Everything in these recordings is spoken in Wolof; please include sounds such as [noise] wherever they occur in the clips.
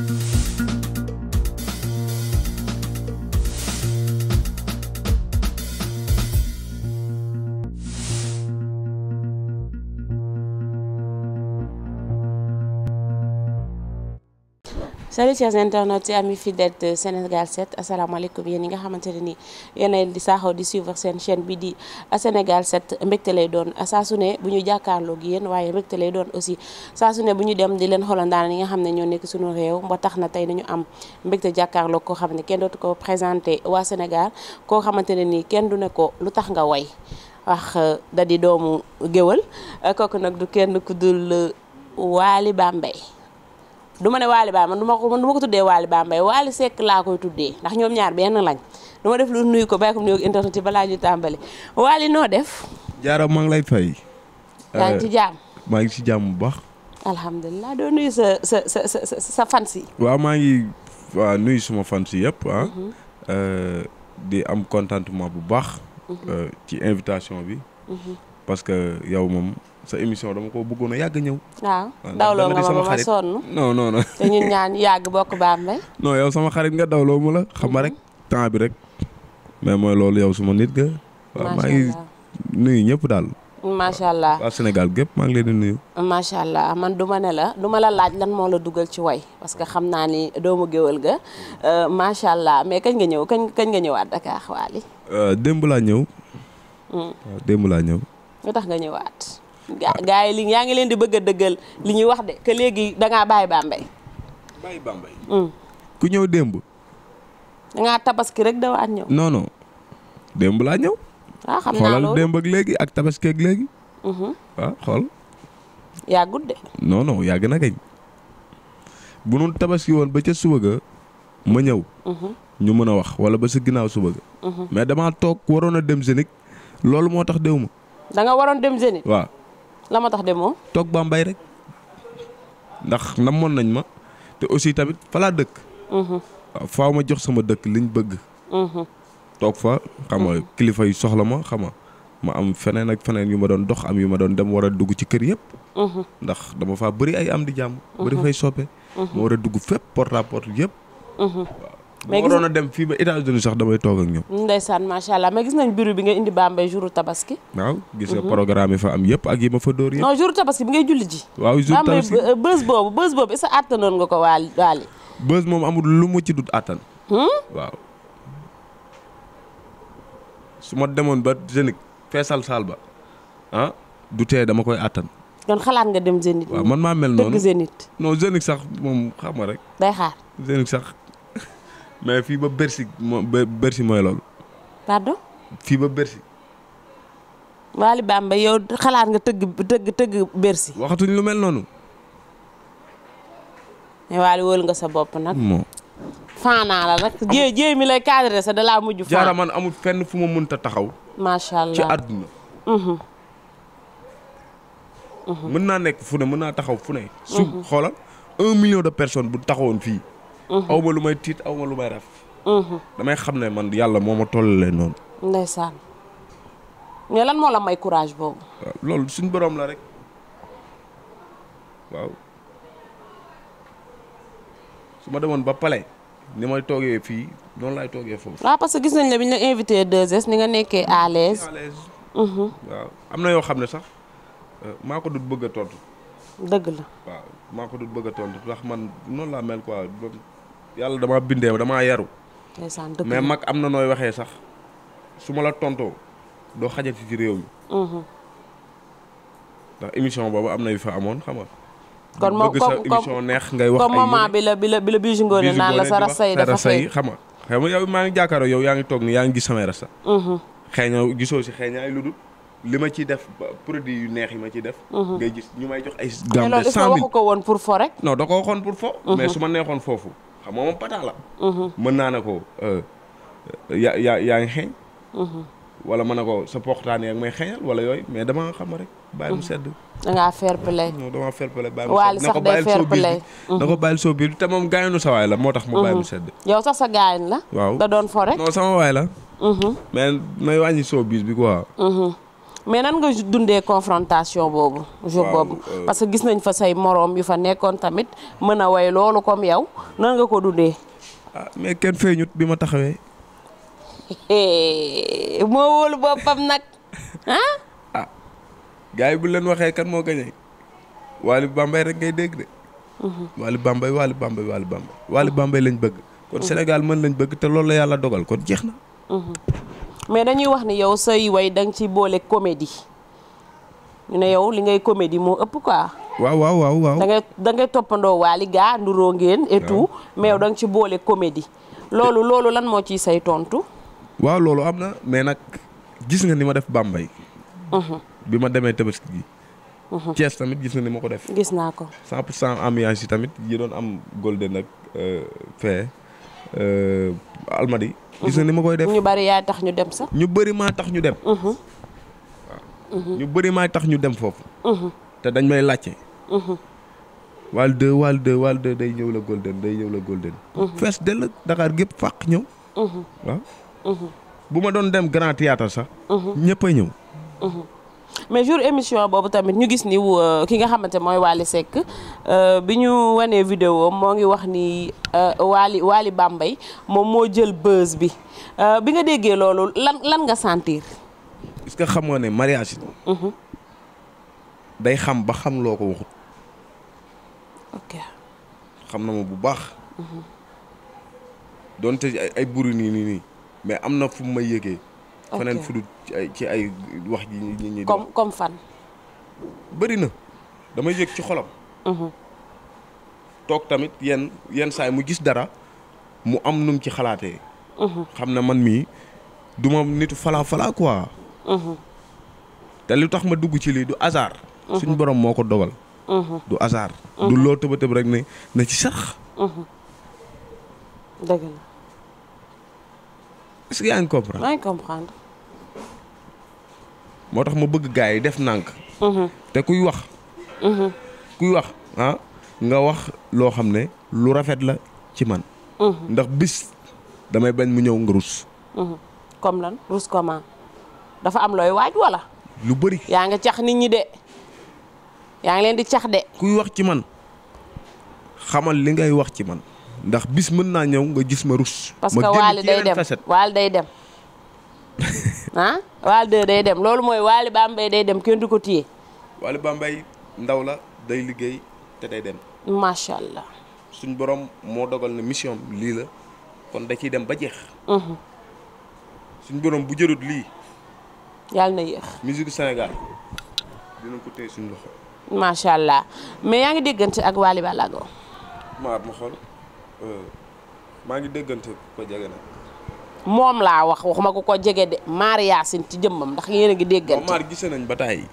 Thank you. salut chers internautes yi amis fidèles de Sénégal 7 asalaamaaleykum yéen yi nga xamante ne ni yéenay di saaxaw di suivre seen chaîne bii di Sénégal set mbégte lay doon saa su bu ñu jàkkaarlook yéen waaye mbégte lay doon aussi saa bu ñu dem di leen xolo xolandaan yi nga xam ne ñoo nekk suñu réew ba tax na tey nañu am mbégte jàkkaarloog koo xam ne kenn dootu ko présenté waa Sénégal koo xamante ne nii kenn du ne ko lu tax nga way wax euh, da di doomu géwël kooku nag du kenn ku dul euh, Waly Bambey du ma ne Waly Ba man du ma ko man ko tuddee Waly Ba Mbaye Waly Seck laa koy tuddee ndax ñoom ñaar benn lañ du ma def lu nuyu ko bàyyi ko nuyu internet yi balaa tàmbali Waly noo def. jaaraama maa lay fay. yaa ngi euh, ngi ci jàmm bu baax. alhamdulilah doo nuyu sa sa sa sa sa fans yi. suma fans yi yëpp ah. Mhm. Euh, di am contentement bu baax. Mhm. Euh, ci invitation bi. Mhm. parce que yow moom sa émission dama koo bëggoon yàgg ñëw. waaw dawloo nga ma ba ma sonn non non non. te ñun ñaan yàgg bokk Bambey. [laughs] non yow sama xarit nga dawloo mu la xam nga rek mhm. temps bi rek mais mooy loolu suma nit nuyu ñëpp daal. macha allah waa Sénégal maa ngi leen di nuyu. macha allah man du ma la du ma la laaj lan moo la dugal ci way parce que xam naa ni doomu géwël ga euh, macha allah mais kañ nga ñëw kañ kañ nga euh, laa ñëw. Mm. démb laa ñëw. lu tax nga ñëwaat. gaa yi li yaa ngi leen di bëgg a dëggal li ñuy wax de que léegi da bàyyi Bambey. Mm. ku ñëw démb. da tabaski rek dawaat ñëw. non démb laa ñëw. waaw ah, xam naa loolu xoolal démb ak léegi ak tabaski ak léegi. waaw mm-hmm. ah, xool. yàggut de. non non yàgg na kañ. bu nu tabaski woon ba ca suba ga ma ñëw. Mm-hmm. ñu mën a wax wala ba sa ginnaaw suba ga. Mm-hmm. mais damaa toog waroon a dem Zénith loolu moo tax déw ma. da waroon dem Zénith. waaw. la ma tax demoo. toog Bambey rek ndax namoon nañ ma te aussi tamit fa dëkk. Mhm. waaw faaw ma jox sama dëkk liñ bëgg. Mhm. toog fa xam nga mhm. kilifa yu soxla ma xam nga ma am feneen ak feneen yu ma doon dox am yu ma doon dem war a dugg ci kër yëpp. ndax dama faa bëri ay am di jàmm. bëri fay soppe. ma war a dugg fépp porte à porte yëpp. mais gis waroon a dem fii ba États-Unis sax damay toog ak ñoom. ndeysaan macha allah mais gis nañ bureau bi nga indi Bambey jouru tabaski. waaw gis nga mhm. programme fa am yëpp ak yi ma fa dóor yëpp. non jouru tabaski bi ngay julli ji. waaw jouru tabaski euh, bës boobu bës boobu est-ce que attanoon nga ko waal waali. bës moom amul lu mu ci dut attan. Hmm? waaw su ma demoon ba Zénith feesal saal ba ah du tee dama koy attan. kon xalaat nga dem Zénith. man maa mel noonu dëkk Zénith. non Zénith sax moom xam nga rek. day xaar Zénith sax. mais fii ba Bercy mooy loolu. pardon. fii ba Bercy. Waly Bamba yow xalaat nga tëgg tëgg tëgg Bercy. waxatuñ lu mel noonu. mais Waly wóolu nga sa bopp nag. moo. faanaa la rek. jéey jéey lay cadré sa da laa mujj. faan amul fenn fu ma mënta taxaw. macha allah ci àdduna. Mm-hmm. Mm-hmm. mën naa nekk fu ne mën naa taxaw fu ne. su mm-hmm. xoolal un million de personnes bu taxawoon fii. Mm-hmm. aw ma lu may tiit aw ma lu may raf. Mm-hmm. damay xam ne man yàlla moo ma tollalee noonu. ndeysaan mais lan moo la may courage boobu. loolu suñ boroom la rek waaw su ma demoon ba pale ni may toogee fii noonu laay toogee foofu. waaw parce que gis nañ la bi ñu la invité 2S ni nga nekkee à mm-hmm. l'aise. waaw am na yoo xam ne sax euh, maa ko dut bëgg a tontu. dëgg la waaw maa ko dut bëgg a tontu ndax man noonu laa mel quoi. yàlla damaa bindee ba damaa yaru mais mag am na nooy waxee sax su ma la tontoo doo fi ci réew mi. Mhm. ndax émission boobu am na yu fa amoon xam nga. kon moom bëgg sa émission neex ngay wax ay moment bi la bi la bi sa rasta yi dafa feeñ xam nga xam maa ngi jàkkaaroo yow yaa ngi toog ni yaa ngi gis samay rasta. Mhm. xëy na gisoo si xëy na ay ludul li ma ciy def produit yu neex yi ma ciy def. Mhm. ngay gis ñu may jox ay. gàmm de cent mille da ko waxoon pour fo. mais su ma neexoon foofu. xam nga moom pataa la. Mhm. mën naa ne ko euh, euh, yaa yaa yaa ngi xeeñ. Mhm. wala mën na ko sa poxtaan yaa ngi may xeeñal wala yooyu mais dama xam rek. bàyyi mu mhm. sedd. da ngaa fair play. non dama fair play bàyyi mu sedd. waali sax day fair play na ko bàyyil soo biir te moom gaayanu sa waay la moo tax. mu bàyyi mu sedd. yow sax sa gaayan la. waaw da doon fo rek. non sama waay la. mais nay wàññi soo biis bi quoi. mais nan nga dundee confrontation boobu jour boobu euh, parce que gis nañ fa say moroom yu fa nekkoon tamit mën a way loolu comme yow nan nga ko dundee ah mais kenn feeñut bi ma taxawee moo wóolu boppam nag ah? ah, gaa yi bu leen waxee kan moo gañee Wally Bambey rek ngay dégg de mhm. Wally Bambey Wally Bambey Wally Bambey Wally Bambey lañ bëgg kon mhm. Sénégal mën lañ bëgg te loolu la yàlla dogal kon jeex na mhm. mais dañuy wax ni yow say way da nga ci boole comédie ñu ne yow li ngay comédie moo ëpp quoi. waaw waaw waaw waaw. da ngay toppandoo waali gaa nduroo ngeen. et tout mais da nga ci boole comédie. loolu loolu lan moo ciy say tontu. waaw loolu am na mais nag gis nga ni ma def Bambey. Mhm. bi ma demee Tabaski gi. Mhm. Thiès tamit gis na ni ma ko def. gis naa ko. 100 pour cent yi tamit yi doon am Golden ak euh, fee euh, Almadi. gis nga ni ma koy def ñu bari tax ñu dem sax. ñu bëri maa tax ñu dem. Mhm. waaw ñu bëri tax ñu dem foofu. Mhm. te dañ may laajte. Mhm. waal deux waal deux waal deux day ñëw la golden day ñëw la golden. fees dell Dakar gépp fàq ñëw. waaw bu ma doon dem grand théâtre sax. ñëpp ñëw. mais jour émission boobu tamit ñu gis ni euh, ki nga xamante mooy Wally Seck euh, bi ñu wanee vidéo moo ngi wax ni euh, Wally Wally Bambey moom moo jël buzz bi bi nga déggee loolu lan lan nga sentir. est-ce que xam ne mariage. Mhm. day xam ba xam loo ko waxut. xam na ma bu baax. Mhm. donte ay ay buru nii nii mais am na fu mu may yëgee. faneen fudut ci ay ci ay wax ji ñu ñi comme comme fan bëri na damay yëg ci xolam mhm. toog tamit yenn yenn saay mu gis dara mu am num ci xalaatee mhm. xam na man mii du ma nitu falaa falaa mhm. te lu tax ma dugg ci lii du hasard suñ borom moo ko dogal du hasard du loo tëba rek ne na ci sax dëgg est-ce que yaa ngi moo tax ma bëgg gars yi def nànk. Mm-hmm. te kuy wax. Mm-hmm. kuy wax ah, nga wax loo xam ne lu rafet la ci man. Mm-hmm. ndax bis damay bañ mu ñëw nga rus. comme lan rus dafa am looy waaj walla lu bari yaa nga cax nit ñi de yaa ngi leen di cax de. kuy wax ci man xamal li ngay wax ci man. ndax bis mën naa ñëw nga gis ma rus. parce que waali day dem waali day dem. ah waali day dem loolu mooy waali mbay day dem kenn du ko téye. waali mbay ndaw la day liggéey te day dem. macha allah. suñ borom moo dogal ne mission lii la kon da ciy dem ba jeex. Mhm. suñ borom bu jërut lii. yàlla na yéex. musique Sénégal dinañ ko téye suñ loxo. macha allah mais yaa ngi déggante ak waali balaago. maa ma Euh, maa ngi déggante ku ko jege nag. moom laa wax waxuma ku ko jege de maar yaasin ci jëmmam ndax yéen a ngi déggante. moom maar gise nañ ba tàyyi.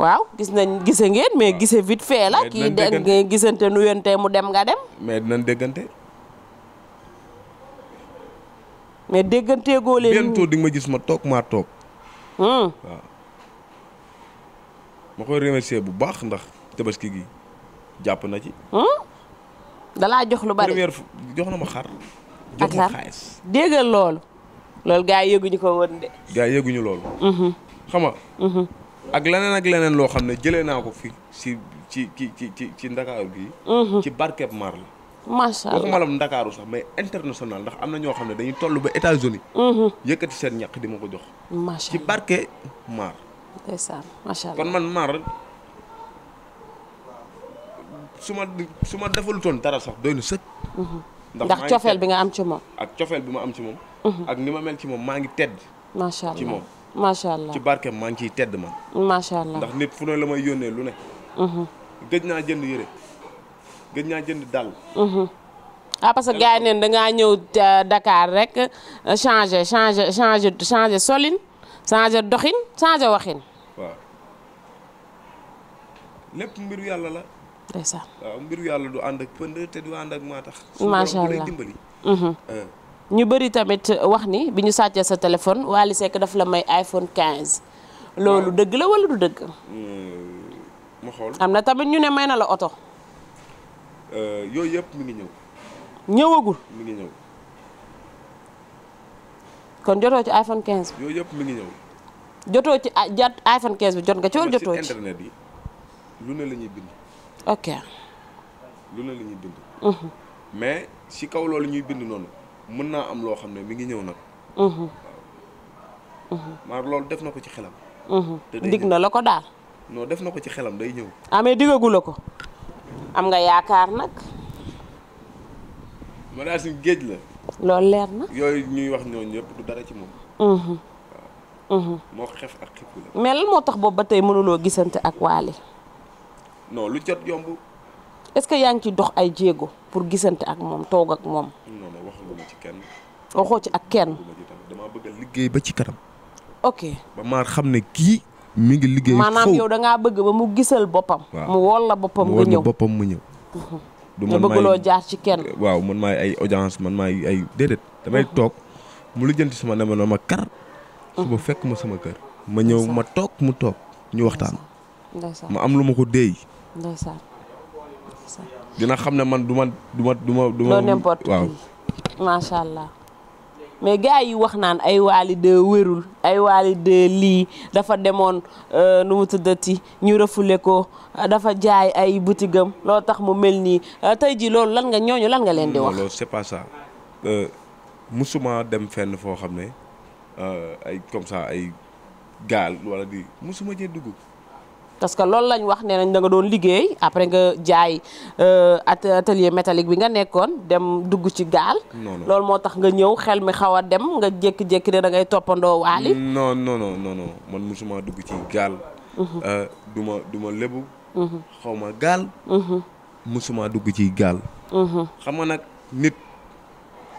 waaw gis nañ gise ngeen mais gise vite fait la. kii dégg ngeen gisante nuyante mu dem nga dem. mais dinañ déggante. mais déggante goo leen. bientôt di ma gis ma toog maa toog. Hmm. ma koy remercier bu baax ndax tabaski gi jàpp na ci. Hmm? dalaa jox lu bari première jox na ma xar. jox ma xaalis déggal loolu. loolu gaa yi yëguñu ko woon de. gaa yi yëguñu loolu. Mhm. xam mhm. ak leneen ak leneen loo xam ne jëlee naa ko fi si ci ci ci ci ci ndakaaru gi. Mhm. ci barkeb maar la. macha allah waxuma la ndakaaru sax mais international ndax am na ñoo xam ne dañuy toll ba États-Unis yëkkati seen ñaq di ma ko jox. macha allah ci barke maar. ndeysaan macha allah kon man maar. su ma su ma defalutoon dara sax doy na sëkk. Mhm. ndax cofeel bi nga am ci moom. ak cofeel bi ma am ci moom. Mhm. ak ni ma mel ci moom maa ngi tedd. macha allah moom macha allah ci barkeem maa ngi ciy tedd ma macha allah ndax nit fu ne la may yónnee lu ne. Mhm. gëj naa jënd yére gëj naa jënd dàll. ah parce que yi neen da ngaa ñëw euh, Dakar rek euh, changer changer changer changer solin changer doxin changer waxin. waaw lépp mbiru yàlla la. ndeysaan waaw mbiru yàlla du ànd ak pënd tax. macha allah dimbali. Mhm. Ah. ñu bëri tamit wax ni bi ñu sàccee sa téléphone Wally Seck daf la may iPhone 15. loolu dëgg la wala du dëgg. Hmm, am na tamit ñu ne may na la oto. Euh, yooyu yëpp mu ngi ñëw. ñëwagul mi ngi ñëw. kon jotoo ci iPhone 15. yooyu yëpp mi ngi ci ah, jot iPhone 15 bi jot nga ci wala jotoo ci internet yi lu ne la bind. ok. lu ne la ñuy bind. Mhm. mais ci kaw loolu ñuy bind noonu mën naa am loo xam ne mi ngi ñëw nag. Mhm. waaw. Mhm. loolu def na ko ci xelam. te dig na la ko daal. non def na ko ci xelam day ñëw. ah mais digagu ko. am nga yaakaar nag. Marie géej la. loolu leer na. yooyu ñuy wax ñooñu ñëpp du dara ci moom. moo xef ak xippi la. mais moo tax boobu ba tey mënuloo gisante ak Waly. non lu jot yomb. est-ce que yaa ngi ci dox ay jéego pour gisante ak moom toog ak moom. non non ci kenn. waxoo ci ak kenn. damaa bëgg liggéey ba ci kanam. ok ba maar xam ne kii. mu ngi liggéey foofu maanaam yow da bëgg ba mu gisal boppam. mu wol la boppam nga ñëw boppam mu ñëw. [laughs] du man maay jaar ci kenn. waaw man maay ay audience man maay ay déedéet. damay mhm. toog mu lijjanti sama numéro ma kar. suba fekk ma sama kër. ma ñëw ma toog mu toog ñu waxtaan. ma am lu ma ko déey. ndeysaan dina xam ne man du ma du ma du ma. du ma n'importe waaw macha allah. mais gars yi wax naan ay waali de wérul ay waali de lii dafa demoon euh, nu mu tuddati ñu rëfule ko dafa jaay ay butigam loo tax mu mel nii euh, tey ji loolu lan nga ñooñu lan nga leen di wax. loolu c'est pas ça euh, musuma dem fenn foo xam ne ay comme ça ay gaal wala di musuma jee dugg. parce que loolu lañ wax nee nañ da nga doon liggéey après nga jaay euh, atelier métallique bi nga nekkoon dem dugg ci gaal. loolu moo tax nga ñëw xel mi xaw a dem nga jékki-jékki ne da ngay toppandoo waali. non non non non man musuma dugg ci gaal. Mhm. Euh, du ma ma lébu. Mhm. xaw mhm. dugg ci gaal. xam nga nag nit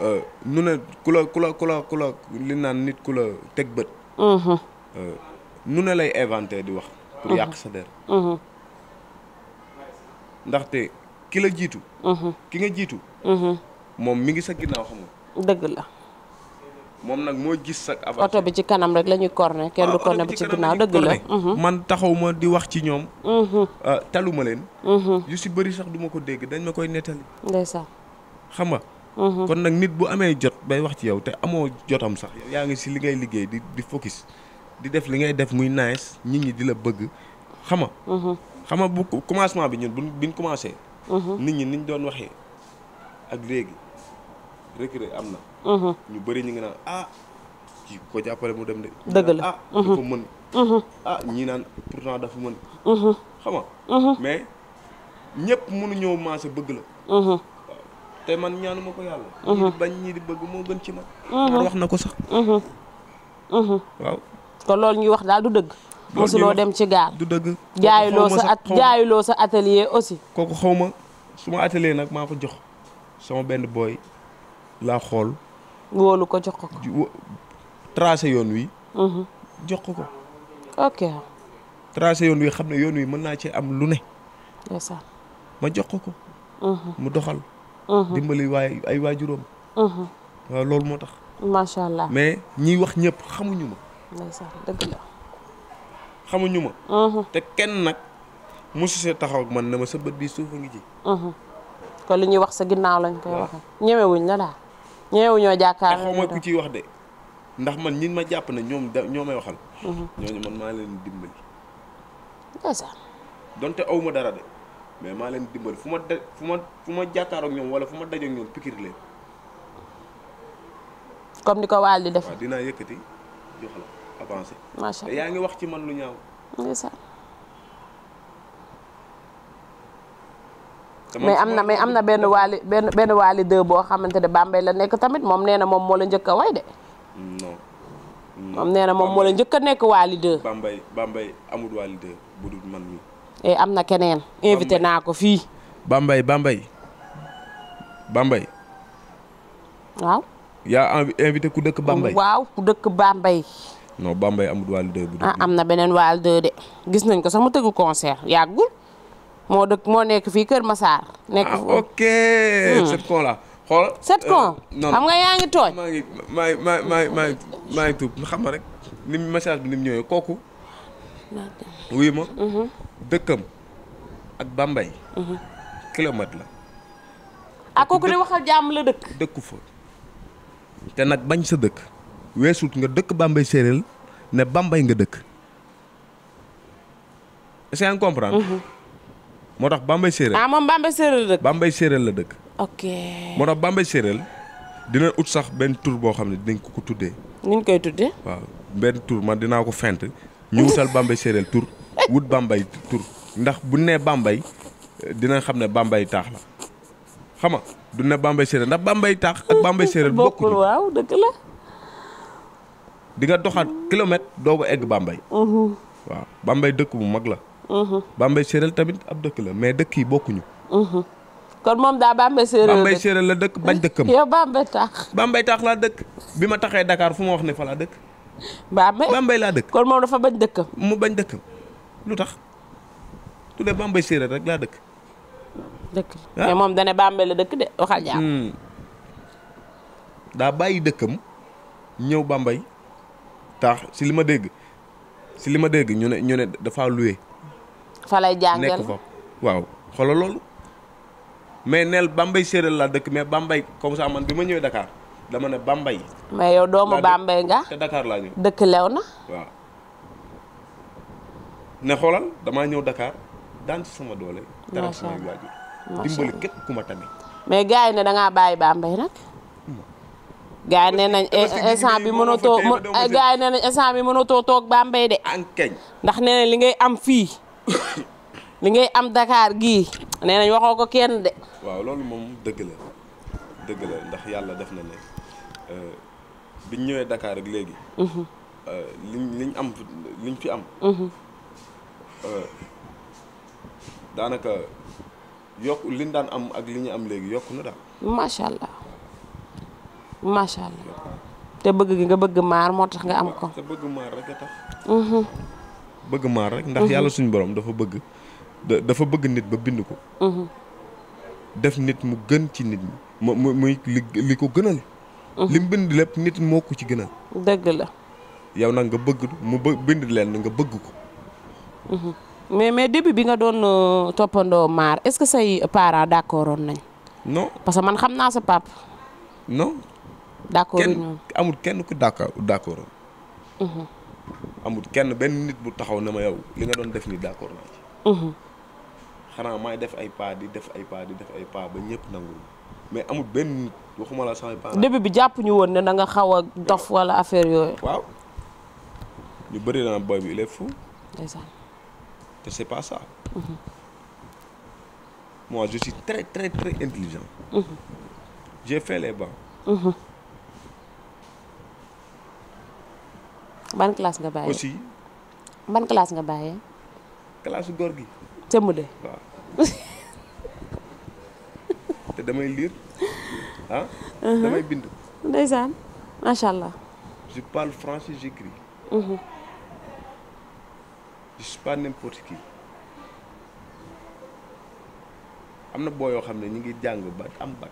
euh, nu ne ku la ku la ku la ku la li naan nit ku la teg bët. nu ne lay inventé di wax. pour yàq uh-huh. sa der uh-huh. ndaxte ki la jiitu uh-huh. ki nga jiitu moom mi ngi sa ginnaaw xam nga dëgg la moom nag moo gis sa oto bi ci kanam rek la ñuy corne kenn du ah, corne bi ci ginnaaw dëgg la man taxaw ma di wax ci ñoom ah, taluma leen yu si bëri sax duma ko dégg dañ ma koy nettali ndeysaan xam nga kon nag nit bu amee jot bay wax ci yow te amoo jotam sax yow yaa ngi si li ngay liggéey di di focus di def li ngay def muy nice nit ñi di la bëgg xam nga. Mhm. xam nga bu commencement bi ñun bu biñ commencé. Mhm. nit ñi niñ doon waxee ak léegi Reug-Reug am na. Mhm. ñu bëri ñu ngi naan ah kii ko jàppale mu dem de. dëgg la ah dafa mën. ah ñii naan pourtant dafa mën. xam nga. mais ñëpp mënuñoo maase bëgg la. Ah, te man ñaanu ma ko yàlla. ñii bañ ñii di bëgg moo gën ci man. wax na ko sax. waaw. que loolu ñuy wax daal du dëgg. mosuloo dem ci gaal du dëgg. jaayuloo sa at jaayuloo sa atelier aussi. kooku xaw ma suma atelier nag maa ko jox sama benn booy laa xool. wóolu ko jox ko ko. yoon wi. Mhm. jox ko ko. ok. tracé yoon wi xam ne yoon wi mën naa ci am lu ne. ma jox ko ko. Mhm. mu doxal. Mhm. dimbali waay ay waajuróom. waaw loolu moo tax. macha allah mais ñiy wax ñëpp xamuñu ma. ndeysaan dëgg la. xamuñu ma. Uh-huh. te kenn nag mosu see taxaw ak man ne ma sa bët bi suuf a ngi ji. Uh-huh. kon li ñuy wax sa ginnaaw lañ koy waxee. ñemewuñ la daal ñemewuñoo jàkkaarloo. xaw ma ku ciy wax de ndax man ñi ma jàpp ne ñoom da ñoo may waxal. Uh-huh. ñooñu man maa leen dimbali. ndeysaan. donte aw ma dara de mais maa leen dimbali fu ma da ma ma jàkkaaroog ñoom wala fu ma dajoog ñoom pikir leen. comme ni ko waal di def. waaw dinaa yëkkati jox la. avancé. yaa ngi wax ci man lu ñaaw. ndeysaan. mais am na mais am na benn waali benn benn waali deux boo xamante ne Bambey la nekk tamit moom nee na moom moo la njëkk a way de. non. moom nee na moom moo la njëkk a nekk waali deux. Bambey amul waali deux man mi. eh am na keneen. invité naa ko fii. Bambey Bambey. Bambey. waaw. yaa invité ku dëkk Bambey. waaw ku dëkk Bambey. non Bambey amul waal deux bu ah am na beneen waal deux de gis nañ ko sax mu tëgg concert yàggul moo dëkk moo nekk fii Kër Massar. nekk ah ok. Hmm. cette con là xool. cette con euh, xam nga yaa ngi tooñ. maa ngi maa maa maa maa maa ngi tuub xam nga rek ni message bi ni mu ñëwee kooku. wuyu ma. Mhm. dëkkam ak Bambey. Mhm. kilomètre la. ah kooku de waxal jàmm la dëkk. dëkku fa te nag bañ sa dëkk. weesut nga dëkk Bambey séeréel ne Bambey nga dëkk est-ce que yaa ngi comprendre. Mhm. moo tax Bambey séeréel. ah moom Bambey séeréel la dëkk. Bambey séeréel la dëkk. ok moo tax Bambey séeréel dina ut sax benn tur boo xam ne dinañ ko ko tuddee. ni ñu koy tuddee. waaw benn tur man dinaa ko fent ñu wutal Bambey séeréel tur wut Bambey tur ndax bu nee Bambey dina xam ne Bambey taax la xam nga du ne Bambey séeréel ndax Bambey taax. ak Bambey séeréel [laughs] bokkul waaw dëgg la. di nga doxaat kilomètre doo egg Bambey. waaw Bambey dëkk bu mag la. Bambey séeréer tamit ab dëkk la mais dëkk yi bokkuñu. kon moom daa Bambey séeréer la dëkk Bambey séeréer la dëkk bañ dëkkam. yow Bambey taax. laa dëkk bi ma taxee dakaar fu ma wax ne fa laa dëkk. Bambey Bambey laa dëkk. kon moom dafa bañ dëkkam. mu bañ dëkkam lu tax su dee Bambey séeréer rek laa dëkk. dëkk ah. moom dane Bambey la dëkk de waxal jàmm. Hmm. daa bàyyi dëkkam ñëw Bambey. tax si li ma dégg si li ma dégg ñu ne ñu ne dafa loué. fa lay jàngal waaw xoolal loolu. mais neel mbay séeréer laa dëkk mais Bambey comme ça man bi ma ñëwee Dakar dama ne Bambey. mais yow doomu Bambey nga. te dakaar laa ñëw dëkk lew na. waaw ne xoolal damaa ñëw Dakar daan ci sama doole. dara samay waajur dimbali képp ku ma tamit. mais gars yi ne da ngaa bàyyi Bambey nag. gaa eh, eh, yi nee nañ instant bi mënatoo gaa yi nee nañ instant mënatoo toog Bambey de. ankañ ndax nee li ngay am fii [coughs] li ngay am dakaar gii nee nañ waxoo ko kenn de. waaw loolu moom dëgg la dëgg la ndax yàlla def na ne euh, biñ ñëwee Dakar ak léegi. Mhm. Euh, liñ liñ am liñ fi am. Mhm. Euh, daanaka yokk liñ daan am ak li ñu am léegi yokk na daal. macha allah. macha allah te bëgg gi nga bëgg maar moo tax nga am ko. te bëgg maar rek a mhm. bëgg maar rek ndax mhm. yàlla suñu borom dafa bëgg dafa bëgg nit ba bind ko. Mhm. def nit mu gën ci nit ñi mu muy li ko gënal. li mu bind lépp nit moo ko ci gënal. dégg la. yow nag nga bëgg mu bë bind leen nga bëgg ko. mais mais début bi nga doon euh, toppandoo maar est-ce que say parents d'accordoon nañ. non parce que man xam naa sa papa. non d' accord kenn amul kenn ku d' accord d' mhm. accord amul kenn benn nit bu taxaw ne ma yow li nga doon def ni d' accord naa mhm. xanaa may def ay pas di def ay pas di def ay pas ba ñëpp nangul mais amul benn nit waxuma la samay pas. début bi jàpp ñu woon ne na nga xaw a dof walla affaire yooyu. waaw ñu bëri na boy bi il est fou. ndeysaan. te c' est pas ça. Mm -hmm. moi je suis intelligent. Mm -hmm. j'ai ban classe nga bàyyee aussi. ban classe nga bàyyee. classe góor gi. cëmm de. te damay liir ah. Uh-huh. damay bind. ndeysaan macha allah. je parle français j'écris. Mmh. je suis n'importe qui. am na boo yoo xam ne ñu ngi jàng ba am bac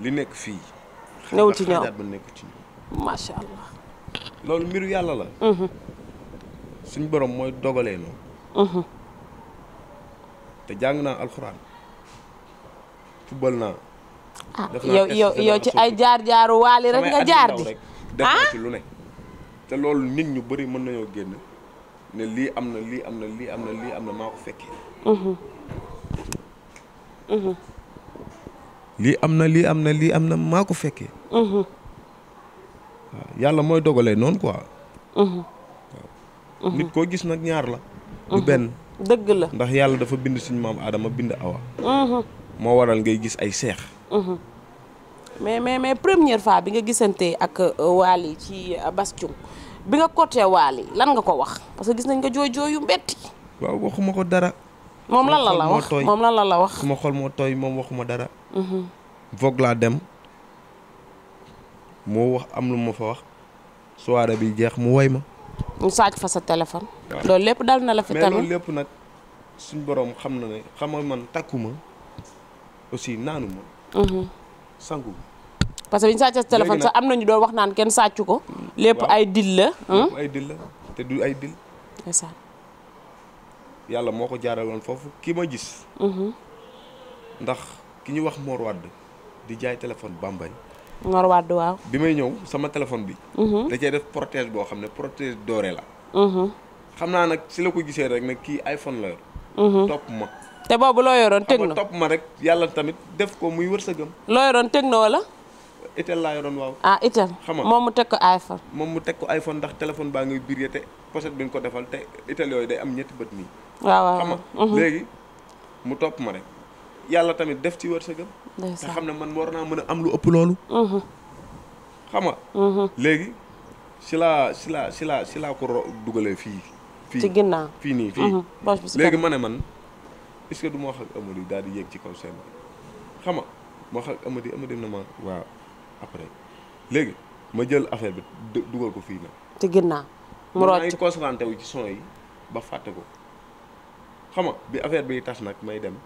li nekk fii. néew ci ñoom xanaa nekk ci ñoom. macha allah. loolu mbiru yàlla la. Mm-hmm. suñ boroom mooy dogalee noonu. Mm-hmm. te jàng naa alxuraan football naa. ah yow yow ci ay jaar jaaru waali rek nga jaar di ah! lu ne te loolu nit ñu bari mën nañoo génn ne lii am na lii na lii am na lii am na maa ko mm-hmm. lii am na lii am na lii am na maa ko fekkee. waaw yàlla mooy dogalee noonu quoi. Mhm. waaw nit mhm. koo gis nag ñaar la. du mhm. benn. dëgg la ndax yàlla dafa bind suñu maam Adama bind Awa. moo waral ngay gis ay seex. mais mais mais première fois bi nga gisante ak euh, Waly ci euh, Bass bi nga côté Waly lan nga ko wax parce que gis nañ nga jooy jooy yu metti waaw waxuma ko dara. moom lan la la wax moom lan la la wax. su ma xol moo tooy moom waxuma dara. vogue laa dem. moo wax am lu ma fa wax soirée bi jeex mu woy ma. mu sàcc fa sa téléphone. loolu lépp dal na la fi. tamit mais loolu lépp nag suñ borom xam na ne xam nga man takkuma aussi naanu ma. Mhm. sangu parce que bi ñu sàccee sa téléphone sax am nañu doo wax naan kenn sàccu ko. lépp ay dil la. ay dil te du ay dil. yàlla moo ko jaaraloon foofu ki ma gis. Mhm. ndax ki ñu wax Mor Wade di jaay téléphone Bambey. Ngor Wade waaw. bi may ñëw sama téléphone bi. Mhm. da cee def protège boo xam ne protège doré la. Mhm. xam naa nag si la ko gisee rek nag kii iPhone la mhm. topp ma. te boobu loo yoroon Tecno topp ma rek yàlla tamit def ko muy wërsëgam. loo yoroon Tecno wala. itel laa yoroon waaw. ah itel xam nga moom mu teg ko iPhone. moom mu teg ko iPhone ndax téléphone baa ngay biir te pochette bi ñu ko defal te itel yooyu day am ñetti bët nii. waaw waaw xam nga léegi mu topp ma rek. yàlla tamit def ci wërsëgam. te xam ne man war naa mën a am lu ëpp loolu. Mhm. xam nga. Mhm. léegi si laa si laa si laa si laa ko dugalee fii. fii ci ginnaaw fii nii fii. Mhm. léegi ma ne man est-ce ma wax ak daal di yéeg ci kaw seen xam nga ma wax ak Amady Amady na ma waaw après léegi ma jël affaire bi dugal ko fii nag. ci ginnaaw mu rocc ma ngi concentré wu ci son yi ba fàtte ko xam nga bi affaire bi tas nag may dem.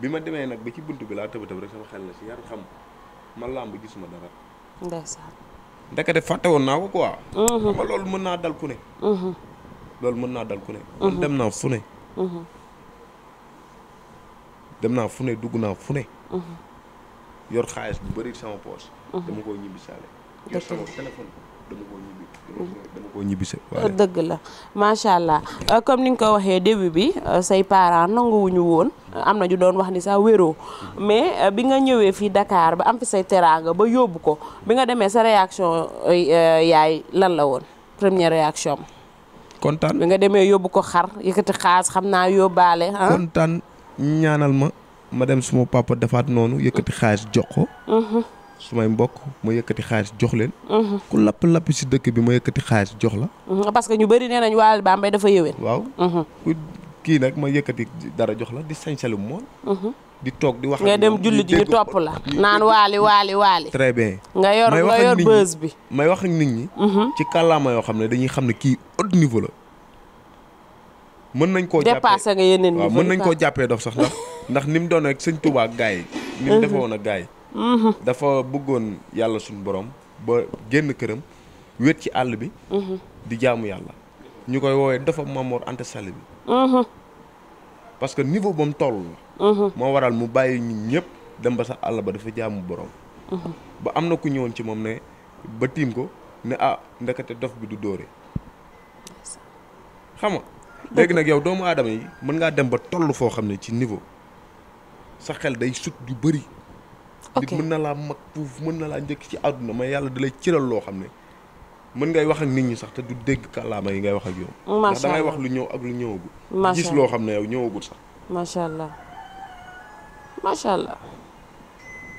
bi ma demee nag ba ci bunt bi laa tëb tëb rek sama xel na si yar xam ma làmb ma dara. ndeysaan. ndekete fàtte woon naa ko quoi. Mhm. xam loolu mën naa dal ku ne. Mhm. loolu mën naa dal ku ne. Mhm. man dem naa fu dugg naa fu yor xaalis bu bëri sama poche. dama koo ñibbi saale. yor sama téléphone dama koo ñibbi. dëgg la macha allah euh, comme ni nga ko waxee début bi euh, say parent nanguwuñu woon am na ñu doon wax ni sax wéroo mais euh, bi nga ñëwee fii dakaar ba am fi say teraanga ba yóbbu ko bi nga demee sa réaction yaay lan la woon première réaction kontaan bi nga demee yóbbu ko xar yëkkati xaas xam naa yóbbaale ah? kontaan ñaanal ma ma dem suma papa defaat noonu yëkkati xaalis jox ko mhm. su may mbokk ma yëkkati xaalis jox leen. Mhm. ku lapp lapp si dëkk bi ma yëkkati xaalis jox la. Mhm, parce que ñu bëri nee nañ waa Bambey dafa yëwén. waaw mhm. kii nag ma yëkkati dara jox la di sañsalu mool. di toog di wax nga dem julli ji ñu topp la naan waali waali waali. très bien nga yor nga bës bi may wax ak nit ñi. ci kàllaama yoo xam ne dañuy xam ne kii haut niveau la. mën nañ koo jàppee dépassé yeneen niveau mën nañ koo jàppee dof sax ndax ndax ni mu doon ak sëñ Touba ak gars yi. ni mu defee yi. Mm-hmm. dafa bëggoon yàlla suñu boroom ba génn këram wéet ci àll bi. Mm-hmm. di jaamu yàlla. ñu koy woowee dafa Mamor Anta Sall bi. Mm-hmm. parce que niveau ba mu la. moo waral mu bàyyi ñun ñëpp dem ba sa àll ba dafa jaamu borom. ba am na ku ñëwoon ci moom ne ba tiim ko ne ah ndekete dof bi du dóore. xam nga léegi nag yow doomu aadama yi mën ngaa dem ba toll foo xam ne ci niveau sa xel day sut yu bari nit mën na laa mag puuf mën na laa njëkk ci àdduna yàlla da lay cëral loo xam ne mën ngay wax nit ñi sax te du dégg kàllaama yi ngay wax ak yow ndax da ngay lu ñëw ak lu ñëwagul gis loo xam ne yow ñëwagul sax macha allah macha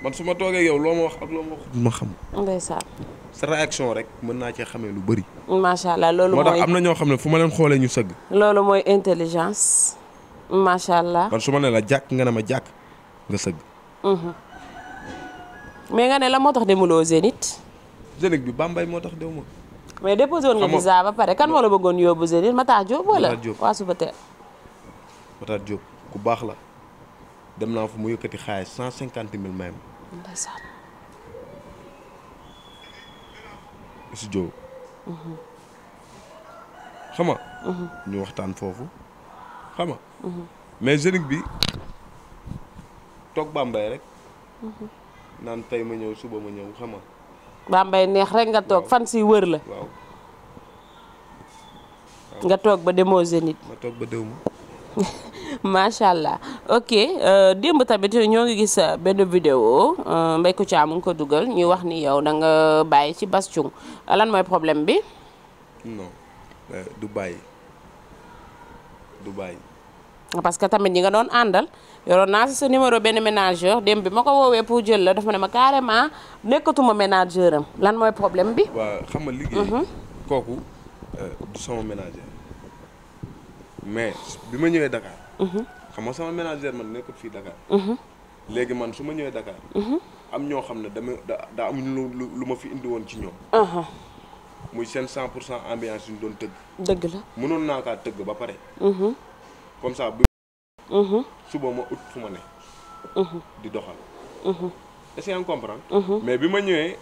man su ma toogee yow loo ma wax ak loo ma xam ndeysaan sa réaction rek mën naa cee xamee lu bari macha allah loolu moo tax am na ñoo xam ne fu ma leen xoolee ñu sëgg loolu mooy intelligence macha allah man su ma ne la jàkk nga ne ma jàkk nga sëgg mhm. mais nga ne la moo tax demuloo Zénith. Zénith bi Bambey moo tax demul. mais déposé woon nga visa ba pare kan moo la bëggoon yóbbu Zénith Matar Diop wala. Matar Diop waa suba teel. Matar baax la dem naa fu mu yëkkati xaalis cent cinquante mille même. Mhm. Mhm. ñu waxtaan foofu xam nga. Mhm. mais Zénith bi toog Bambey rek. naan tey ma ñëw suba ma ñëw xam nga. Bambey neex rek nga toog fan si wër la. nga toog ba demoo Zénith. ma toog ba déwuma. [laughs] macha allah ok euh, démb tamit ñoo ngi gis euh, benn vidéo euh, Mbaye Kouthia mu ngi ko dugal ñuy wax ni yow danga bàyyi ci Bass Thioung mooy problème bi. non du bàyyi du bàyyi. parce que tamit ñi nga doon àndal yoroon naa si sa numéro benn ménageur dem bi ma ko woowee pour jël la dafa ne ma carrément nekkatuma ménageur lan mooy problème bi. waaw xam nga liggéey. Mhm. kooku euh, du sama ménageur. mais bi ma ñëwee Dakar. Mhm. xam nga sama ménageur man nekkul fii Dakar. Mhm. léegi man su ma ñëwee Dakar. am ñoo xam ne dama daa am lu lu ma fi indi woon ci ñoom. Uh-huh. muy seen 100 pour cent ambiance yu ñu doon tëgg. dëgg la mënoon naa kaa tëgg ba pare. comme ça Mm-hmm. suba ma ut fu ma ne. Mm-hmm. di doxal. Mm-hmm. est-ce que yaa mais bi ma ñëwee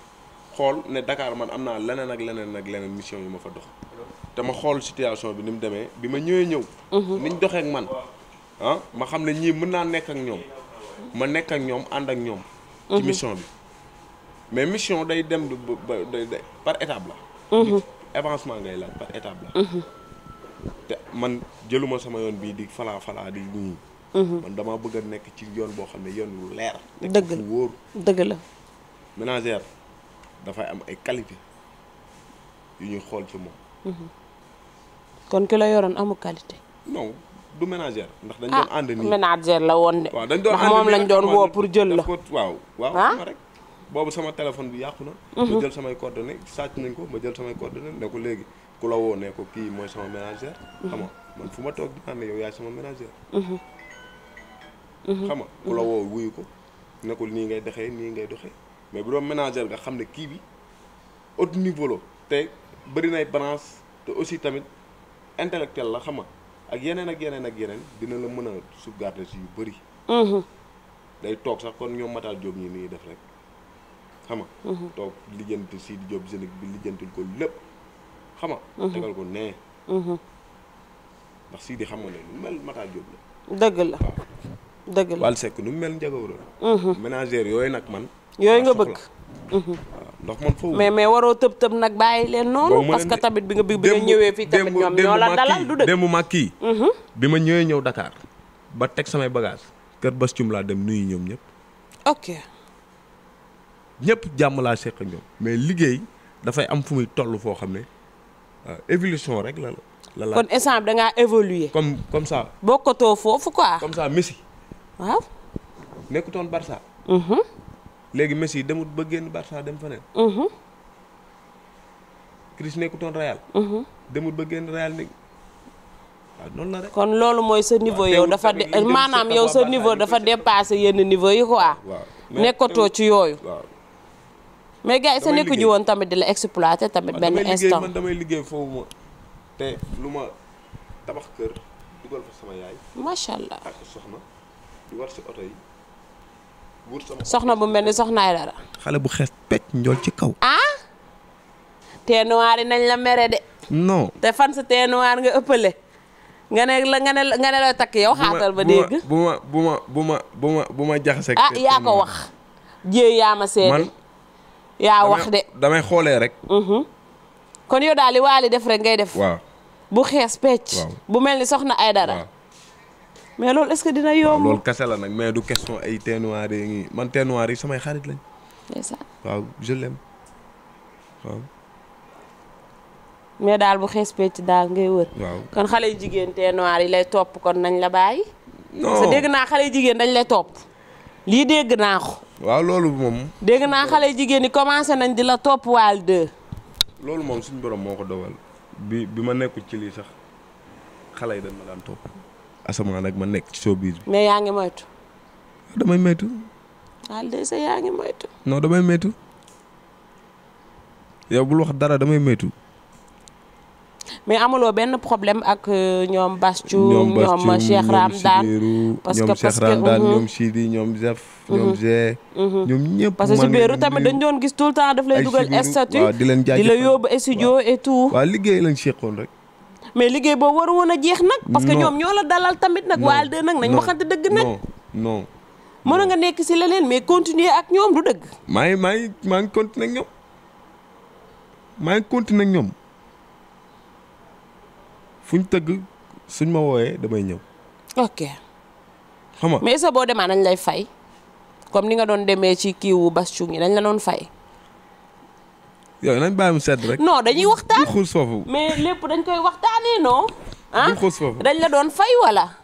xool ne Dakar man am naa leneen ak leneen ak leneen mission yu ma fa dox. te ma xool situation bi ni mu demee bi ma ñëwee ñëw. niñ doxee ak man ah ma xam ne ñii mën naa nekk ak ñoom ma nekk ak ñoom ànd ak ñoom. ci mission bi mais mission day dem ba par étape la. avancement ngay laaj par étape la. te man jëluma sama yoon bii di falaa falaa di ñii mhm. man damaa bëgg a nekk ci yoon boo xam ne yoon wu leer dëgg la wóor dëgg la ménagère dafay am ay qualité yu ñuy xool ci moom mhm. kon ki la yoroon amul qualité non du ménagère ndax dañ doon ah, ànd nii ménagère la woon de waaw dañ doon ànd moom lañ doon woo pour jël la waaw waaw ma ah. rek boobu sama téléphone bi yàqu na ma mhm. jël samay coordonnées sàcc nañ ko ma jël samay coordonnées ne ko léegi ku la woo ne ko kii mooy sama ménagère. xam man fu ma toog di naan ne yow yaay sama ménagère. Mhm. Mhm. xam ku la woo wuyu ko ne ko nii ngay doxee nii ngay doxe mais bu doon ménagère nga xam ne kii bi haut niveau la te bari nay branche te aussi tamit intellectuel la xama nga ak yeneen ak yeneen ak yeneen dina la mën a sauvegarder si yu bëri. Mhm. day toog sax kon ñoom Matal Diop ñi ni def rek xam nga. toog lijjanti si Diop Zénith bi lijjantil ko lépp. xam nga. Mhm. tegal mhm. xam nga ne mel Matar Diop la. dëgg la dëgg la Wally nu mel Ndiago la. Mhm. yooyu nag man. yooyu nga bëgg. ndax man foofu mais mais waroo tëb tëb nag bàyyi leen noonu. parce que bi nga bi nga ñëwee fii tamit ñoom ñoo la dalal du dëgg démb ma kii bi ma ñëwee ñëw Dakar ba teg samay bagage kër Bass Thioung laa dem nuyu ñoom ñëpp. ok. ñëpp jàmm laa seq ñoom mais liggéey dafay am fu muy toll foo xam ne. waaw euh, évolution rek la la la. kon instant bi da ngaa évoluer. comme comme ça. bokkatoo foofu quoi. comme ça Messi. waaw. nekkutoon Barça. Mhm. léegi Messi demut ba génn Barça dem feneen. Mhm. Chris nekkutoon Real. Mhm. demut ba génn Real nekk waaw noonu la rek. kon loolu mooy sa niveau yow dafa de maanaam yow sa niveau dafa dépassé yenn niveau yi quoi. waaw nekkatoo ci yooyu. mais gars yi sa nekku ji woon tamit di la exploité tamit benn instant man damay liggéey foofu ma te lu ma tabax kër dugal fa sama yaay macha allah soxna bu mel ni soxnaay dara xale bu xees pecc njool ci kaw ah tee noir yi nañ la mere de non te fan sa tee noir nga ëppale nga ne la nga ne nga takk yow xaatal ba dégg bu ma bu ma bu ma bu ma bu ma jaxase ah yaa ko wax jéey yaa ma seede yaa wax de damay xoolee rek. Mhm. kon yow daal li waali def rek ngay def. waaw bu xees pecc. bu mel ni soxna ay dara. mais loolu est-ce que dina yomb. loolu kese la nag mais du question ay tey noir yi ngi man tey noir yi samay xarit lañ. mais daal bu xees pecc daal ngay wër. kon xale yu jigéen tey noir yi lay topp kon nañ la bàyyi. non dégg naa xale yu jigéen dañ lay topp. lii dégg naa waaw loolu moom. dégg naa xale yi jigéen ñi commencé nañ di la topp waal de. loolu moom suñu borom moo ko dogal bi bi ma nekkul ci lii sax xale yi dañ ma daan topp asamaan ak ma nekk ci showbiz bi. mais yaa ngi moytu. damay moytu. waal de sa yaa ngi moytu. non damay moytu. yow bul wax dara damay moytu. mais amuloo benn problème ak euh, ñoom Bastou ñoom euh, Cheikh Ramdan parce que parce que ñoom Sidi ñoom Zef ñoom Zé ñoom parce que Zubairu tamit dañ doon gis tout temps daf lay dugal statut di leen jaajëfal la yóbbu studio et tout liggéey lañ seqoon rek mais liggéey boobu war woon a jeex nag parce que ñoom ñoo la dalal tamit nag waal de nag nañ waxante dëgg nag non mën na nga nekk si leneen mais continuer ak ñoom du dëgg maa ngi maa ngi maa ngi continuer ñoom maa continuer ñoom fu ñu tëgg suñ ma wooyee damay ñëw. ok. xam nga mais sa boo demee nañ lay fay comme ni nga doon demee ci kiiwu wu bas dañ la doon fay. yow nañ bàyyi mu sedd rek. non dañuy waxtaan mais lépp dañ koy waxtaanee non. ah dañ la doon fay wala.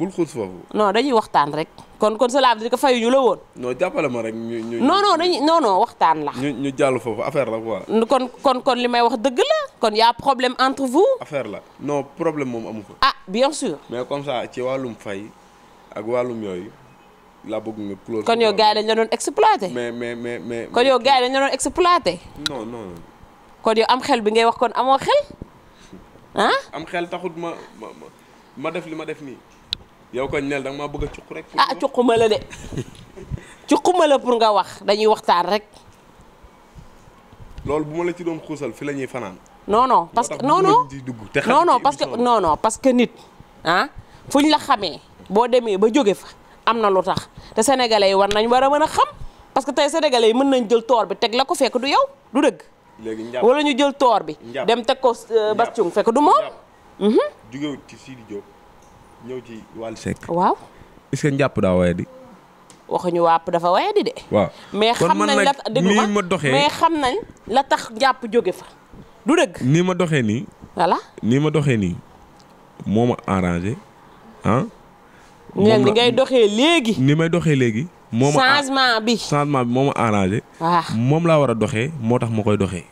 bul xuus foofu. non dañuy waxtaan rek. kon kon cela veut dire que fayu ñu la woon. non jàppale ma ñu ñu. non non dañuy non waxtaan la. ñu ñu jàll foofu affaire la quoi. kon kon kon li may wax dëgg la. kon y' a problème entre vous. affaire la non problème moom amu ko. ah bien sûr. mais comme ça ci wàllum fay ak wàllum yooyu laa bëgg nga. close kon yow gars yi dañ la doon exploité. mais mais mais mais. kon yow gars yi dañ la doon exploité. non non. kon yow am xel bi ngay wax kon amoo xel [laughs] ah. am xel taxut ma ma ma def li ma def nii. yow ko nel da nga maa bëgg a cuq rek. ah ma la de [laughs] cuquma la pour nga wax dañuy waxtaan rek. loolu bu ma la ci doon xuusal fi la ñuy fanaan. non non parce que non non non non parce que non parce que nit ah ñu la xamee boo demee ba jóge fa am na lu tax te sénégalais yi war nañ war a mën a xam parce que tey sénégalais yi mën nañ jël toor bi teg la ko fekk du yow du dëgg. léegi wala ñu jël toor bi. dem teg ko euh, Bass Thioung fekk du moom. Mhm. jógewut ci Sidi Diop. ñëw ci wàll Seck. waaw. est-ce que njàpp daa waye di. waxuñu wàpp dafa waye di de. waaw mais xam nañ la nii ma doxee xam nañ la tax njàpp jóge fa. du dëgg nii ma doxee nii. voilà nii ma doxee nii moo ma arrangé ah. moom ni ngay doxee léegi. nii may doxee léegi. moo ma changement bi changement moo ma arrangé. waaw ah. moom laa war a doxee moo tax ma koy doxee.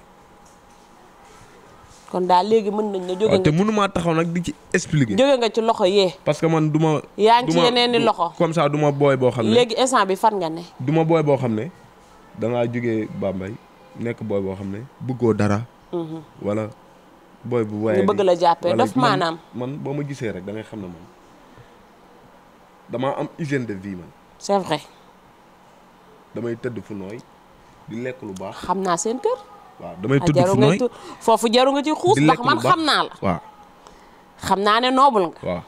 kon daal léegi mën nañ la jóge nga te mënumaa taxaw nag di ci expliquer. nga ci loxo yee. parce que man duma yaa ngi ci yeneen loxo comme ça duma booy boo xam ne. léegi instant bi fan nga du ma booy boo xam ne da ngaa jógee nekk booy boo xam ne bëggoo dara. Mhm. wala booy bu waaye. ñu bëgg la jàppee daf maanaam. man boo ma gisee rek da xam ne man damaa am hygiène de vie man. c'est vrai. damay tëdd fu nooy di lekk lu baax. xam naa seen kër. waaw damay ah, tudd fu foofu jaru nga ci xuus ndax man xam naa la xam naa ne noobul nga waaw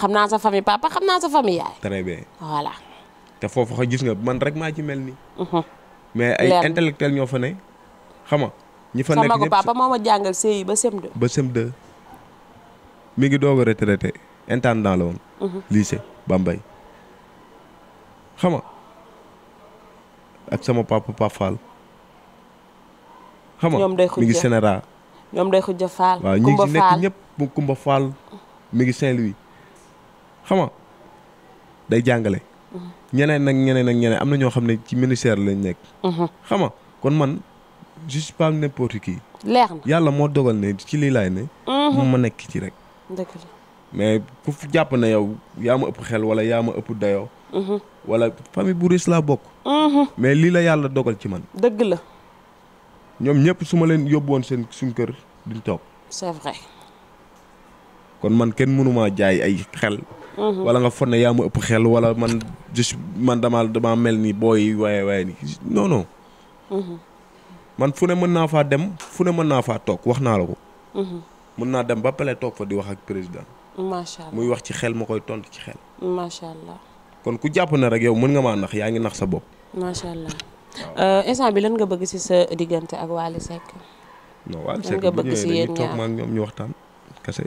xam naa sa famille papa xam naa sa famille yaay très bien voilà te foofu xa gis nga man rek maa ci mel ni mhm. mais ay intellectuel ñoo fa ne xam nga ñi fa nekk ñëpp papa moo a jàngal CI ba CM2 ba CM2 mi ngi doog a retraité intendant la woon mhm. lycée Bambey xam nga ak sama papa Pape Fall xam nga mi ngi Sénéra ñoom day xujja Fall waaw ñi ci nekk ñëpp mu Kumba Fall mi ngi Saint-Louis xam nga day jàngale mm-hmm. ñeneen nag ñeneen nag ñeneen am na ñoo xam ne ci ministère lañ nekk mm-hmm. xam nga kon man je suis pas n'importe qui yàlla moo dogal ne ci lii laay ne mm-hmm. moom ma nekk ci rek dëgg la mais ku jàpp na yow yaa ma ëpp xel wala yaa ma ëpp dayoo wala famille bu riche laa bokk mais lii la yàlla dogal ci man dëgg la ñoom ñëpp su ma leen yóbbu woon seen suñ kër duñ toog. c'est vrai. kon man kenn mënumaa jaay ay xel. Mhm. wala nga fon ne yaa ma ëpp xel wala man je man damaa damaa mel nii booy waaye waaye ni non mhm. man fu ne mën naa fa dem fu ne mën naa faa toog wax naa la ko. Mhm. mën naa dem ba pale toog fa di wax ak président. muy wax ci xel ma koy tontu ci xel. macha kon ku jàpp na rek yow mën nga maa nax yaa ngi nax sa bopp. Euh, instant bi lan nga bëgg si sa diggante ak Wally Seck. non Wally Seck nga bëgg si yéen ñaar toog maak waxtaan kese.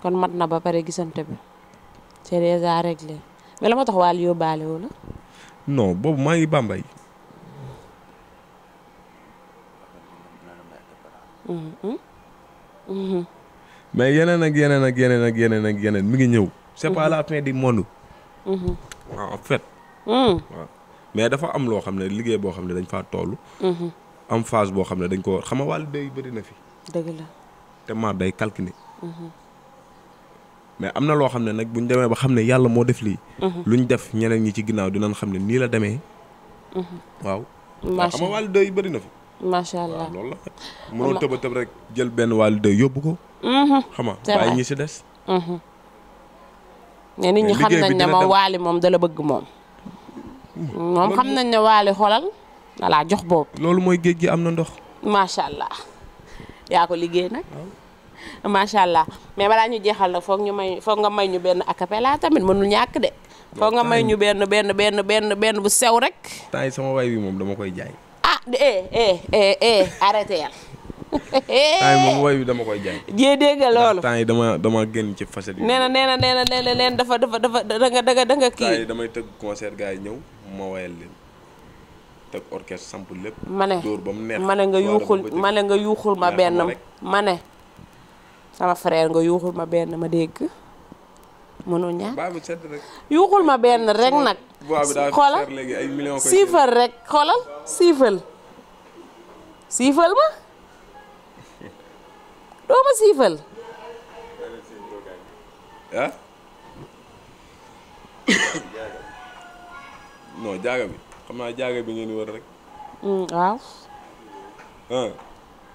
kon mat na ba pare gisante bi c'est déjà réglé mais la ma tax Wally yóbbaale wu la. non boobu maa ngi Bambey. Mm-hmm. Mm-hmm. mais yeneen ak yeneen ak yeneen ak yeneen ak yeneen mi ngi ñëw. c'est pas mm-hmm. la fin du monde. waaw mm. mais dafa am loo xam ne liggéey boo xam ne dañ faa toll. Mm-hmm. am boo xam ne dañ ko xam nga wàllu day bëri na fi. dëgg la te maar day calculer. Mm-hmm. mais am na loo xam ne nag bu ñu demee ba xam ne yàlla moo def lii. Mm-hmm. lu ñu def ñeneen ñi ci ginnaaw dinañ xam ne nii la demee. waaw. macha allah xam nga wàllu bëri na fi. macha allah la. mënoo tëb a jël benn wàllu day yóbbu ko. xam nga si des. mais nit moom dala bëgg moom. moom xam nañ ne waale xolal voilà jox boobu. loolu mooy géej gi am na ndox. macha allah yaa ko liggéey nag. macha allah mais balaa ñu jeexal nag foog ñu may foog nga may ñu benn acapella tamit mënul ñàkk de. foog nga may ñu benn benn benn benn benn bu sew rek. temps sama way wi moom dama koy jaay. ah eh eh, eh, eh temps yi moom woy bi dama koy jaay. [laughs] jee dégg loolu temps yi dama dama génn ci facette yi. nee na nee na nee dafa dafa dafa da nga da nga kii. damay tëgg concert gars ñëw ma woyal leen tëgg orchestre ma ne dóor ba mu ma ne nga yuuxul ma ne nga yuuxul ma benn ma ne. sama frère nga yuuxul ma benn ma dégg. mënoo ñaar yuuxul ma benn rek nag. xoolal siifal rek xoolal siifal siifal ma. doo ma siifal. ah. [coughs] non jaaga bi xam naa jaaga bi ngeen wër rek. Mm, waaw.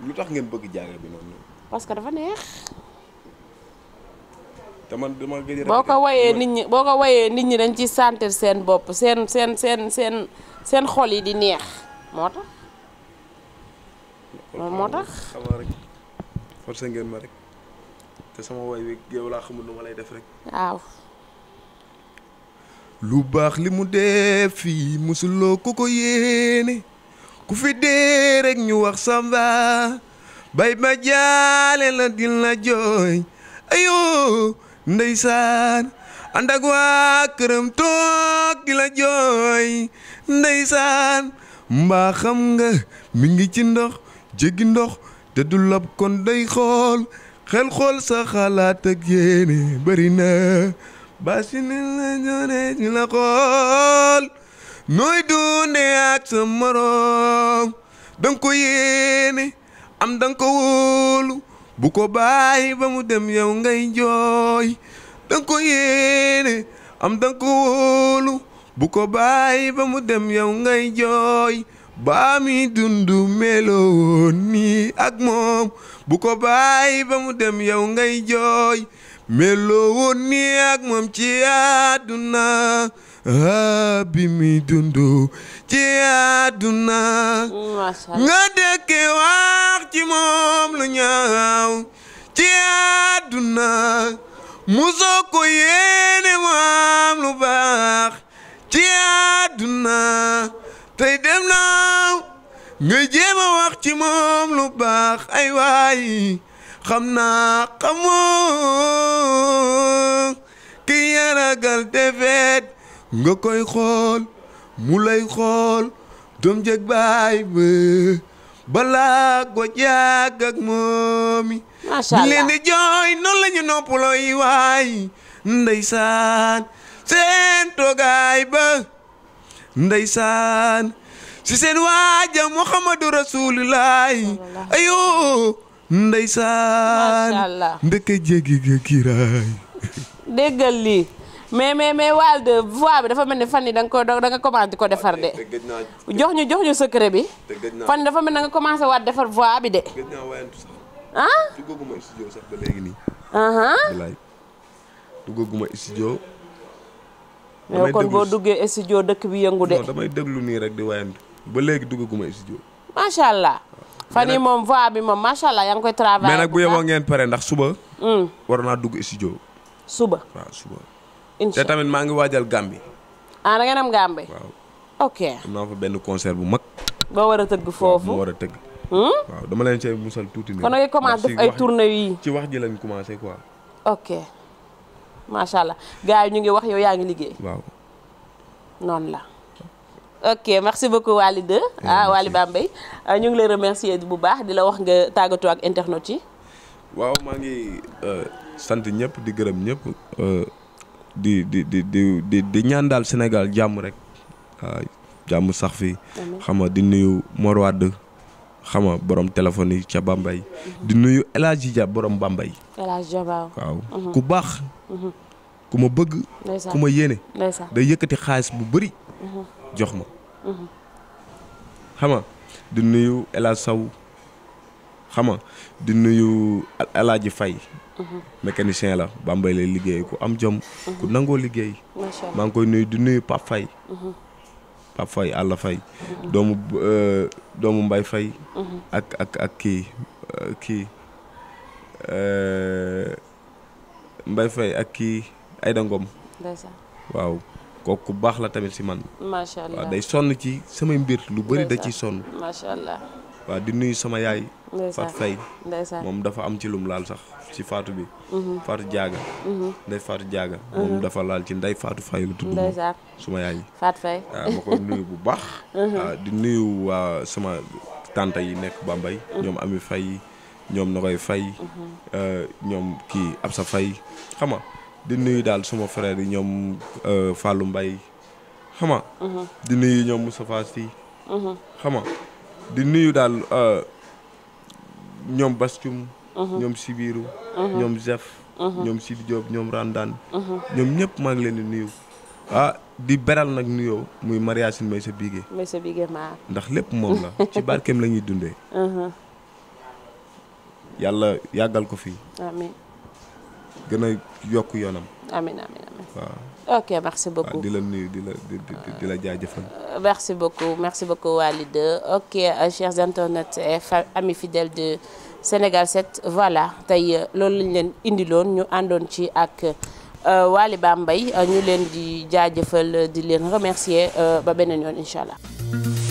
lu tax ngeen bëgg jaaga bi noonu. parce que dafa neex. te man dama gëj boo ko wayee nit ñi boo ko wayee nit ñi dañ ci sentir seen bopp seen seen seen seen seen xol yi di neex moo tax. moo tax. forcé ngeen ma rek te sama woy wi yow laa xamul lu ma lay def rek. waaw. lu baax li mu def fii musuloo ko ko yéene ku fi dee rek ñu wax samba bay ma jaale la dil na jooy ayo ndeysaan ànd ak waa këram toog di la jooy ndeysaan mbaa xam nga mi ngi ci ndox jéggi ndox te du lab kon day xool xel xool sa xalaat ak yéene bëri na basi ni la ñone ñu la xool nooy dundee sa moroom danga ko yéene am danga ko wóolu bu ko bàyyi ba mu dem yow ngay jooy danga ko yéene am danga ko wóolu bu ko bàyyi ba mu dem yow ngay jooy ba mi dundu meloon nii ak moom bu ko bàyyi ba mu dem yow ngay jooy meloon nii ak moom ci àdduna ah, bi mi dundu ci àdduna nga dëkke wax ci moom lu ñaaw ci àdduna musoo ko yéene mu lu baax ci àdduna tey dem naa nga jéem a wax ci moom lu baax ay waay xam naa xamoo ki yaragal defet nga koy xool mu lay xool doom jeg baay ba balaa ko jàgg moomi macha leen di jooy noonu la ñu noppaloo yi waay ndeysaan seen toogaay ba ndeysaan si seen waaja muhammadu rasulilaay ayo ndeysaan ndeke jéggi ga kiraay déggal lii mais mais mais Wally de voix dafa mel ni fan yi da nga ko da nga commencé ko defar de jox ñu jox ñu secret bi fan yi dafa mel ni da nga commencé waat defar voix bi de ah duggaguma studio sax damay kon boo duggee studio dëkk bi yëngu de. damay déglu nii rek di wayandu ba léegi duggaguma studio. macha allah. fan yii moom voix bi moom macha allah yaa ngi koy travailler. mais nag bu yeboo ngeen pare ndax suba. Hmm. war naa dugg studio. suba waaw suba. te tamit maa ngi waajal Gambie. ah da ngeen am Gambie. waaw ok am benn concert bu mag. boo war a tëgg foofu boo war a tëgg. Hmm? dama leen cay musal tuuti. kon nag commencé def ay tournées yii. ci wax ji lañ commencé quoi. ok. macha allah gars yi ñu ngi wax yow yaa ngi liggéey. waaw noonu la. ok merci beaucoup Walide eh, ah Wali Bambey ah, ñu ngi lay remercier bu baax di la wax nga tàggatoo ak internet yi. waaw maa ngi euh, sant ñëpp di gërëm ñëpp euh, di di di di di ñaan daal Sénégal jàmm rek ah, jàmm sax fi xam di nuyu Mor xam nga borom téléphone yi ca Bambey. di nuyu El Hadji Dia borom Bambey. waaw. Mhm. ku baax. Mhm. ku ma bëgg. ku ma yéene. day yëkkati xaalis bu bari mhm. jox ma. xam nga di nuyu El saw Sow xam nga di nuyu El fay Faye. la Bambey lay liggéey ku am jom. ku nangoo liggéey. maa ngi koy nuyu di nuyu Pape Faye. Pape Faye Alla Faye doomu euh, doomu Mbaye Faye mm-hmm. ak ak ak kii euh, kii euh, Mbaye Faye ak kii Aïda Ngom waaw kooku baax la tamit si man macha waaw day sonn ci samay mbir lu bari da ciy sonn macha waaw di nuyu sama yaay Fatou Faye moom dafa am ci lum laal sax ci faatu bi mhm. Fatou Diaga mhm. Ndeye Fatou Diaga mhm. moom dafa laal ci Ndeye Fatou Faye la tudd suma yaay Fatou Faye waaw ah, ma ko nuyu bu baax [laughs] ah, di nuyu waa sama tante yi nekk Bambey ñoom Ami fay ñoom na koy fay euh, ñoom kii Absa Faye xam nga di nuyu daal suma frère yi ñoom euh, Fallou Mbaye xam nga di di nuyu daal euh, ñoom Bascum. Uh-huh. ñoom Sibiru. Uh-huh. ñoom Zef. Uh-huh. ñoom Sidi Diop ñoom Randaan. ñoom ñëpp maa ngi leen di nuyu. ah di beral nag nuyoo muy mariage may sa bigé. ndax lépp moom la [laughs] ci barkeem lañuy ñuy yàlla yàggal ko fii. gën a yokk yoonam. amiin amiin amiin waaw. ok merci beaucoup di la nuyu di la di di la jaajëfal. Euh, merci beaucoup merci beaucoup Walid ok euh, chers internautes et amis fidèles de Sénégal set voilà tey euh, loolu lañ leen indiloon ñu àndoon ci ak. baa mbay ñu leen di jaajëfal di leen remercier ba beneen yoon incha allah.